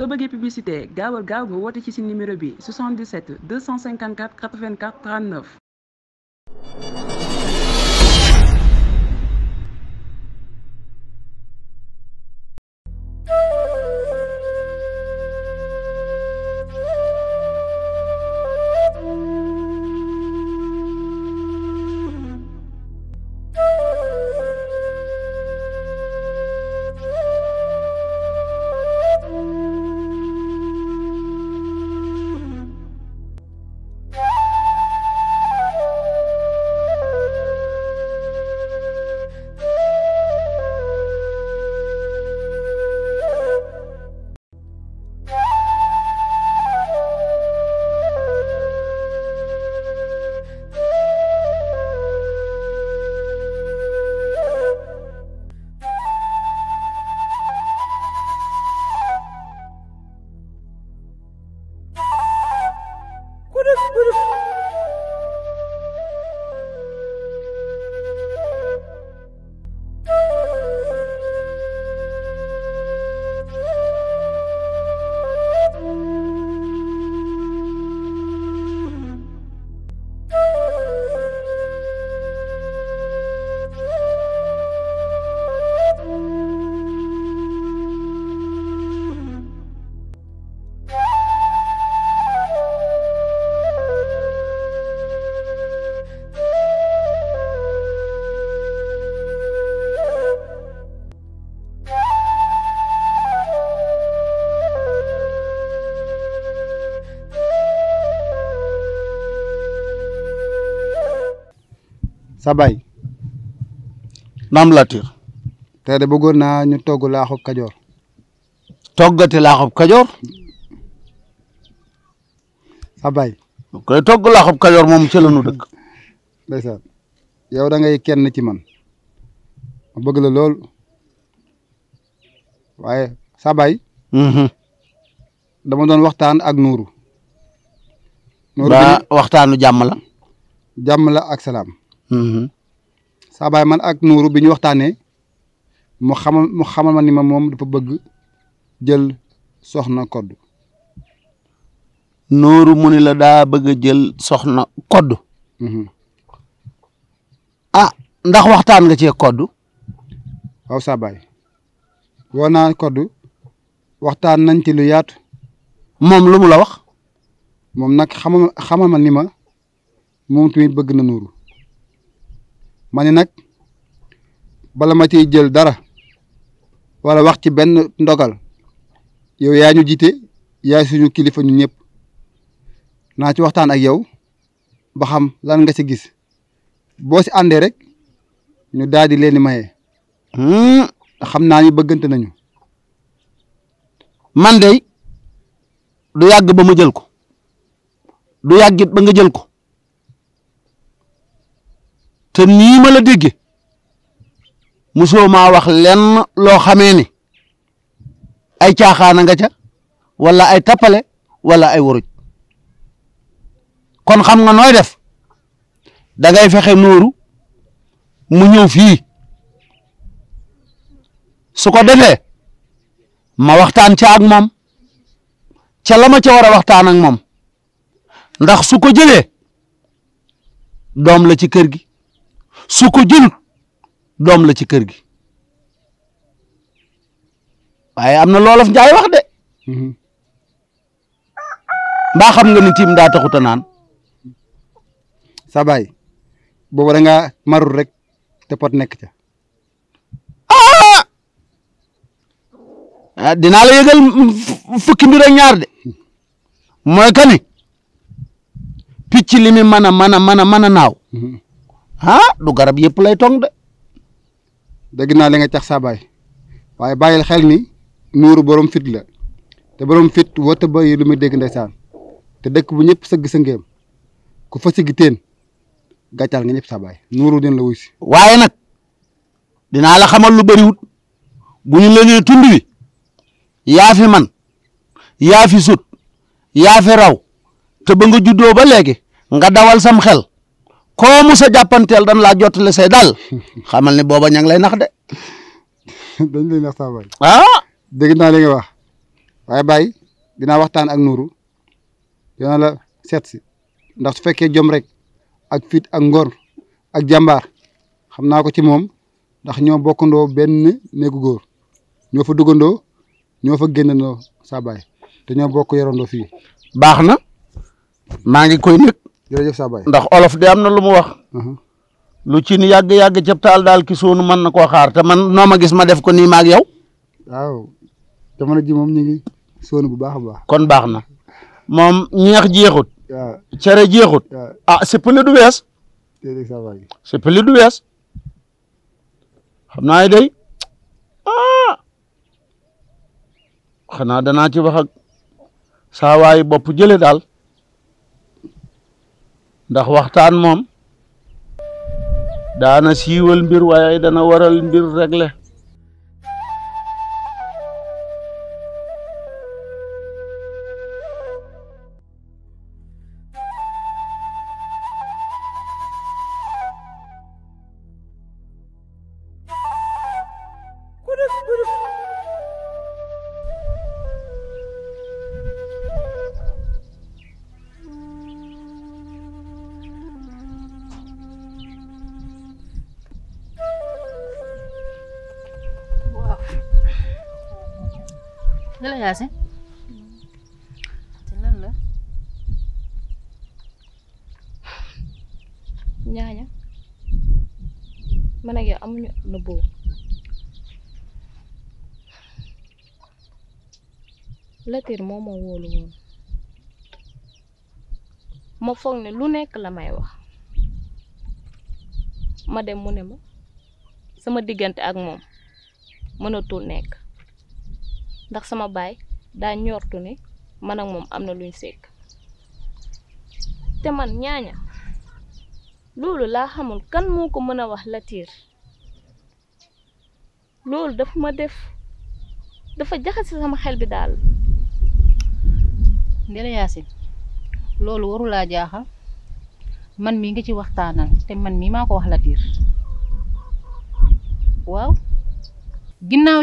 soo publicité gaawal gaaw nga numéro bi 77 254 84 39 sa bay nam latir tey de bëggoon na ñu togg laaxub kajoor toggati laaxub kajoor sa bay ko togg xop kadior mom ci lañu nu dëkk ndeysaan yow da ngay kenn ci man bëgg la lool sa bay mhm. dama doon waxtaan ak nuru waxtaanu jamm la jamm la ak salam Mm-hmm. saa baay man ak nuru biñu waxtane waxtaanee mu xamal mu xamal man ni ma moom dafa bëgg jël soxna kodd nuru mu ni la da bëgg jël soxna kodd mm-hmm. ah ndax waxtan nga ci kodd waaw saa baay woo naa kodd nañ ci lu yaatu mom lu mu la wax mom nak xam xamal man ni ma mom tamit bëgg na nuru mané nak bala ma ciy jël dara wala wax ci ben ndogal yow yaa ñu jiite baham suñu kilifa ñu ñep na ci waxtaan ak yow ba xam lan nga ci gis bo ci andé rek ñu daal di leen maye hmm. xam naa ñu bëggante nañu man day du yàgg ba ma jël ko du ba nga jël ko te nii ma la dégge mosoo maa wax lenn loo xamee ni ay caaxaana nga ca wala ay tappale wala ay waruj kon xam nga nooy def da ngay fexe nooru mu ñëw fii su ko defee ma waxtaan ca ak moom ca la ma ca war a waxtaan ak moom ndax su ko jëlee doom la ci kër gi su ko doom la ci kër gi waaye am na loolof njaay wax de mbaa xam nga ni tiim daa taxuta naan sa baay boobu marul rek te pot nekk ca ah, ah dinaa la yëgal fukki mbir ak de mooy que ni picc li mi mën a mën a mën a mën a naaw mm-hmm. ah du garab yëpp lay tong de. dégg naa li nga cax saa waaye bàyyil xel ni nuuru borom fit la te borom fit woote ba yi lu muy dégg ndeysaan te dëkk bu ñëpp sëgg sa ngéem ku fa sigi teen gàccaal nga ñëpp saa baay nuuru den la wus si. waaye nag dinaa la xamal lu bëriwut bu ñu la nee tund wi yaa man yaa fi sut yaa raw te ba nga juddoo ba léegi nga dawal sam xel koo mu sa jàppanteel dan laa jottale say daal xamal ne booba ña ngi lay nax de. dañ lay nax saa baay. ah. dégg naa li nga wax waaye Baye dinaa waxtaan ak Nuuru dina la seet si ndax su fekkee jom rek ak fit ak ngor ak jàmbaar xam naa ko ci moom ndax ñoo bokkandoo benn néegu góor ñoo fa duggandoo ñoo fa génnandoo sabay baay te ñoo bokk yorandoo fii. baax na maa koy nekk jërëjëf saa baay ndax olof de amna lu mu wax. Mhm. lu ci ni yag yag cëb taal daal ki sonu man nako xaar te man noma gis ma def ko ni mak yow. waw te man ji mom ñu ngi sonu bu baax baax. kon baxna mom ñeex jeexut. ciere jeexut. ah sippali du wees. jërëjëf saa baay sippali du wees xam day ah xana dana ci wax ak sa waay bop jele dal ndax waxtaan moom daana siiwal mbir waaye dana waral mbir régler la Yacine te lan la ñaaña man ak yow amuñu nëbboo Latir ma wóolu woon ma foog ne lu nekk la may wax ma dem mu ne ma sama diggante ak moom mënatul nekk ndax sama baay da ñortu ne man ak mom amna na luñ sekk te man ñaña loolu la xamul kan moko mëna wax loolu ma def dafa jaxase sama xel bi dal ndela yaasin loolu la jaaxal man mi nga ci waxtaanal te man mi mako wax waaw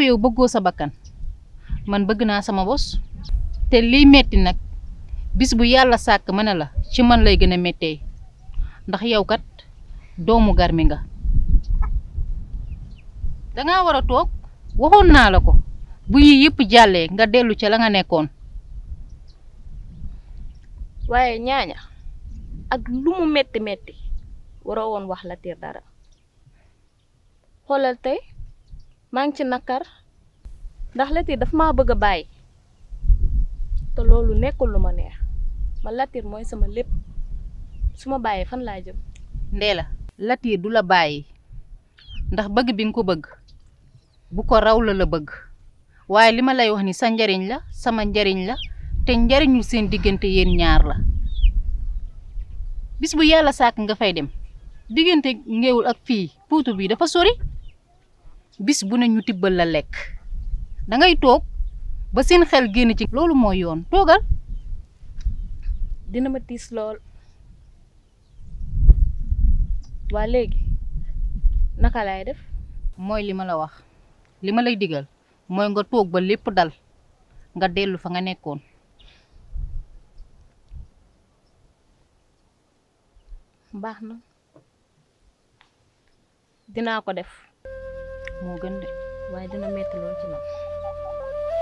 yow bëggo sa bakkan man bëgg naa sama bos te li metti nak bis bu yàlla sàkk ma la ci man lay gën a méttee ndax yow kat doomu garmi nga dangaa war a toog waxoon naa la ko bu yi yépp jàllee nga dellu ca la nga nekkoon waaye ñaaña ak lu mu metti metti waroo woon wax la tiir dara xoolal tey maa ci nakar ndax lati daf ma bëgg bay, bàyyi te loolu nekkul lu ma neex ma Latir moy sama lepp suma baye fan la jëm. Ndéla lati du la baye ndax bëgg bi nga ko bëgg bu ko raw la la bëgg waye lima lay wax ni sa njariñ la sama njariñ la te njariñul seen digënté yeen ñaar la bis bu yalla sak nga fay dem digënté ngeewul ak fi puutu bi dafa sori bis bu ne ñu tibbal la lek da ngay toog ba seen xel génn ci. loolu mooy yoon toogal. dina ma tiis lool waa léegi naka laay def. mooy li ma la wax li ma lay digal mooy nga toog ba lépp dal nga dellu fa nga nekkoon. baax na dinaa ko def moo gën de waaye dina metti lool ci man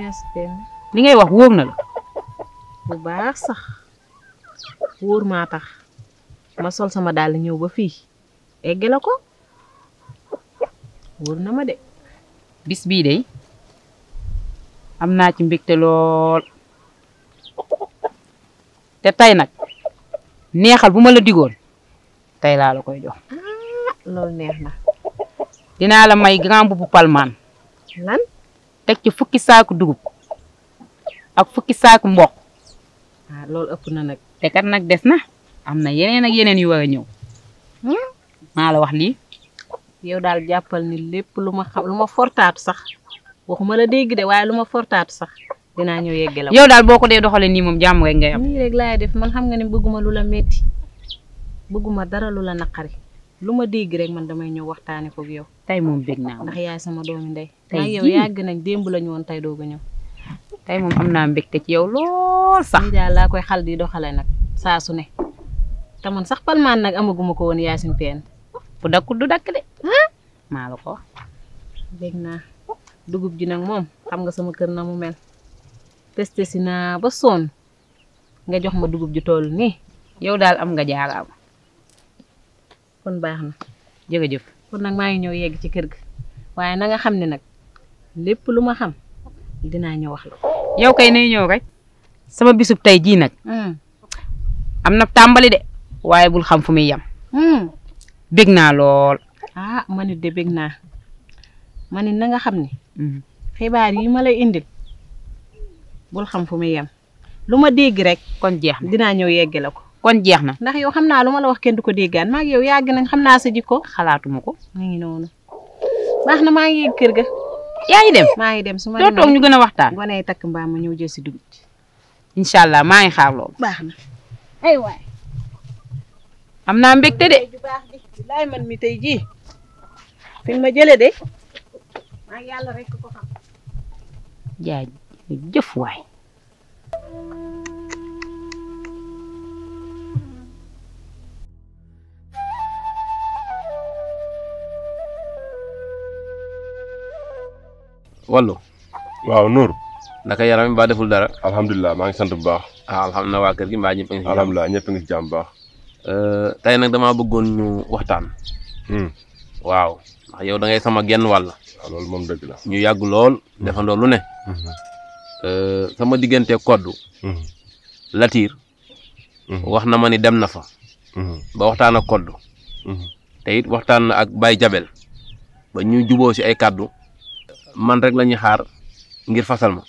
voyage benn li ngay wax woom na la bu baax sax woor ma tax ma sol sama dal ñew ba loko, egge nama ko na ma de bis bi de amna ci mbégte lol te tay nak neexal buma la digoon tay la la koy jox ah, lol neex na la may grand bubu palman lan teg ci fukki saaku dugub ak fukki saaku mboq waaw ah, loolu ëpp na nag te kat nag des na am na yeneen ak yeneen yu war a ñëw maa la wax lii yow daal jàppal ni lépp lu ma xam lu ma fortaatu sax waxuma la dégg de waaye lu ma fortaatu sax dinaa ñëw yegg la yow daal boo ko dee doxalee nii moom jàmm rek nga am nii rek laay def man xam nga ne bëgguma lu la metti bëgguma dara lu la lu ma dégg rek man damay ñëw waxtaanee ko ak yow. tey moom bég naa ndax yaay sama doomi ndey. tey yow yàgg nañ démb lañu woon tey doogu a ñëw. tey moom am naa mbégte ci yow lool sax. lii laa koy xal di doxalee nag saa su ne. te sax palmaan nag amaguma ko woon Yacine Pène. bu dakkul du dakk de. maa la ko bég naa dugub ji nag moom xam nga sama kër na mu mel. testé si naa ba soon nga jox ma dugub ji toll nii. yow daal am nga jaaraama. kon baax na jërëjëf kon nag maa ngi ñëw yegg ci kër ga waaye na xam ne nag lépp lu ma xam dinaa ñëw wax la yow kay nay ñëw rek sama bisub tey jii nag hmm. am na tàmbali de waaye bul xam fu muy yem hmm. bég naa lool ah man it de bég naa man it na xam ni hmm. xibaar yi ma lay indil bul xam fu muy yem lu ma dégg rek kon jeex dinaa ñëw yegg la ko kon jeex na. ndax yow xam naa lu ma la wax kenn du ko déggaan maa ngi yow yàgg nañ xam naa sa jikko. xalaatuma ko. maa ngi noonu baax na maa ngi yegg kër ga. yaa ngi dem maa ngi dem su ma doo toog ñu gën a waxtaan. ngoonee takk mbaa ma ñëw jël si dugub ji. incha allah maa ngi baax na ay am naa mbégte de. laay man mi tey jii. ma jëlee de. maa wallu waaw nur naka yaram ba deful dara alhamdullilah ma ngi sant bu baax ah, alhamdullilah wa keur gi ma ñepp ngi alhamdullilah ñepp ngi jam baax euh tay nak dama bëggoon ñu waxtaan hmm waaw ndax yow da ngay sama genn wàll ah, lool mom dëgg la ñu yag lool defandoo lu ne hmm. euh sama diggante koddu hmm. latir hmm. wax na ma ni dem na fa ba waxtaan ak koddu te waxtaan ak bay jabel ba ñu jubo ci ay kaddu man rek lañuy xaar ngir fasal ma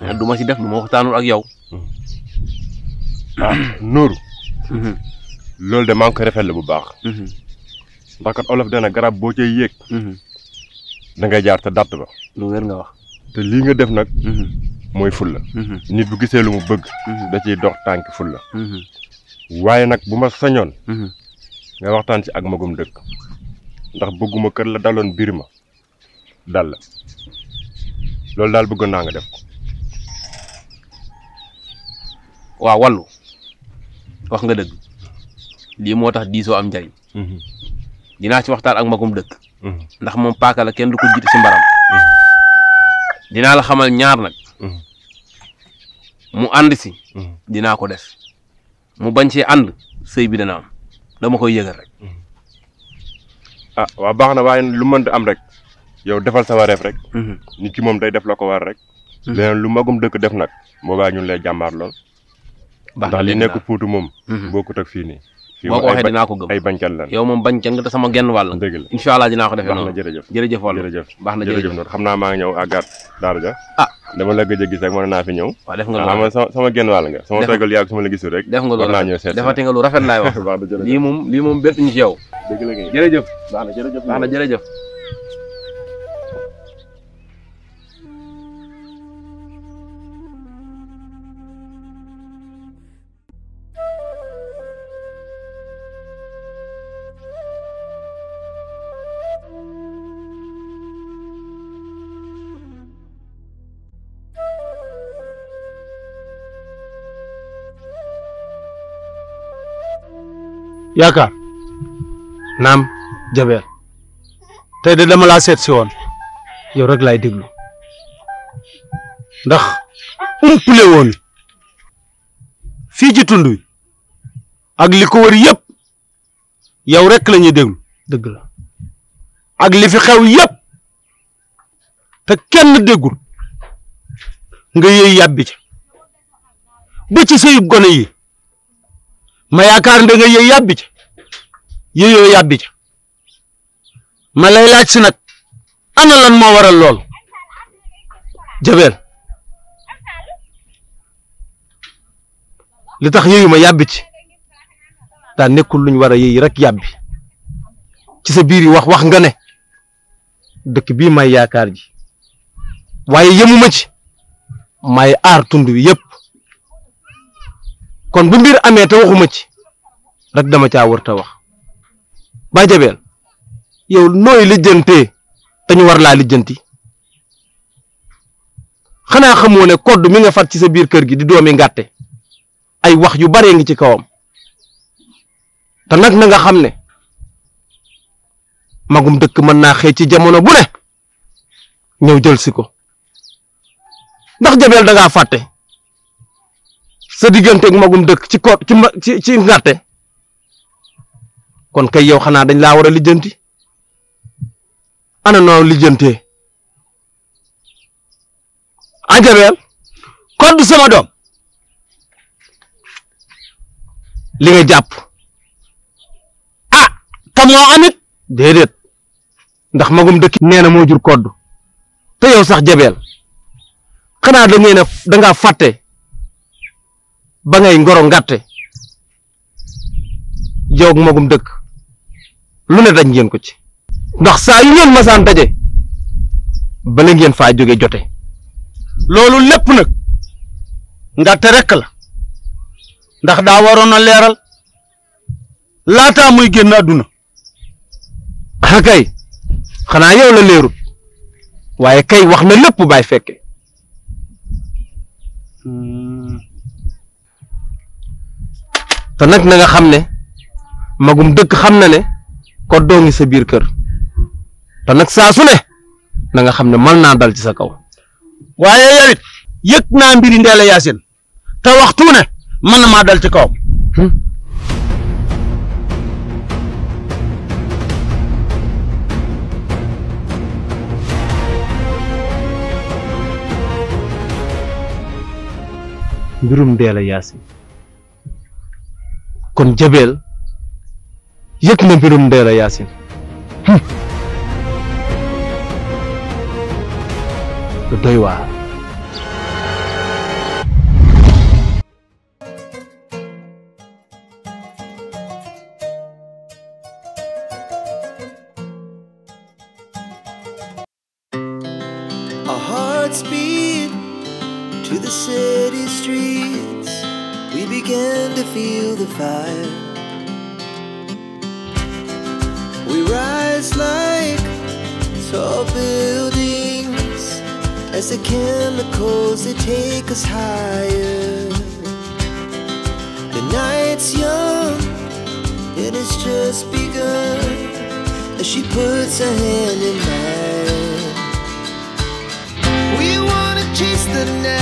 mais hmm. du ma si def lu ma waxtaanul ak yow. Hmm. ah Nooru. Hmm. loolu de maa ngi koy rafetlu bu baax. ndax kat olof dana garab boo cay yéeg. da ngay jaar te dàtt ba. lu wér nga wax. te lii nga def nag. mooy fulla nit bu gisee lu mu bëgg. da ciy dox tànk fulla waaye nag bu ma sañoon. nga waxtaan ci ak magum dëkk. ndax bëgguma kër la daloon biir ma dal loolu daal bëggoon naa nga def ko waaw wàllu wax nga dëgg lii moo tax diisoo am njariñ mhm. dinaa ci waxtaan ak magum dëkk mhm. ndax moom paaka la kenn du ko jiitu ci mbaram mhm. dinaa la xamal ñaar nag mu ànd si dinaa ko def mu bañ ci ànd sëy bi dana am dama koy yëgal rek ah waaw baax na waaye lu mënta am rek yow defal sa wareef rek. Mhm. nit ki moom day def la ko war rek. Mhm. leneen lu magum dëkk def nag. boobaa ñun lay jàmbaar lool. ndax li nekk Fuuta moom. Mhm. bokkut ak fii nii. boo ko waxee dinaa ko gëm ay bañcal lan yow moom bañcal nga te sama genn wàll. dëgg la incha allah dinaa ko defee na jërëjëf. jërëjëf wàll na jërëjëf noonu xam naa maa ngi ñëw àggaat daara ja ah a gis rek mën naa fi ñëw. waaw nga sama genn wàll nga. sama tegal yàgg sama la gisul rek. def nga lu rafet laay wax. lii moom lii moom bettuñu ci yow. dëgg la yaakaar naam jabeer tey de dama laa seet si woon yow rek laay déglu ndax umpule woon fii ci tund ak li ko wër yëpp yow rek la ñuy déglu dëgg la ak li fi xew yëpp te kenn déggul nga yëy yàbbi ca ba ci sëyub gone yi ma yaakaar da nga yëy yàbbi ca yëyoo yàbbi ca ma lay laaj si nag ana lan moo waral lool jabeer li tax yëyu ma yàbbi ci daa nekkul luñ war a yëy rek yàbbi ci sa biir wax wax nga ne dëkk bii may yaakaar ji waaye yemuma ci may aar tund wi yëpp kon bu mbir amee te waxuma ci rek dama caa war ta wax ba jabeel yow nooy lijjantee te war laa lijjanti xanaa xamoo ne kodd mi nga fat ci sa biir kër gi di doomi ngàtte ay wax yu baree ngi ci kawam te nag na nga xam ne magum dëkk mën naa xëy ci jamono bu ne ñëw jël si ko ndax jabeel da ngaa fàtte sa digganteeg magum dëkk ci ko ci ci ci ngàtte kon kay yow xanaa dañ laa war a lijjanti ana noo lijjantee ajabeel kon du sama doom li nga jàpp ah te moo amit déedéet ndax magum dëkk nee na moo jur kodd te yow sax jabeel xanaa da ngeen danga da ba ngay ngoro ngàtte jaww magum dëkk lu ne daj ngeen ko ci ndax saa yu ngeen masaan daje bala ngeen faa jóge jote loolu lépp nag ngàtte rekk la ndax daa waroon a leeral laataa muy génn àdduna akay ah, xanaa yow la leerut waaye kay wax na lépp baay fekke hmm. te nanga xam ne magum dëkk xam na ne koddoo ngi sa biir kër te nag saa su ne na xam ne mën naa dal ci sa kaw waaye yow it yëg naa mbiri Ndella Yacine te waxtu ne mën na maa dal ci kaw mbirum Ndella Yacine kon jabeel yëg na mbirum Ndella Yacine doy waar begin to feel the fire. We rise like tall buildings as the chemicals they take us higher. The night's young, and it's just begun. As she puts her hand in mine, we wanna chase the night.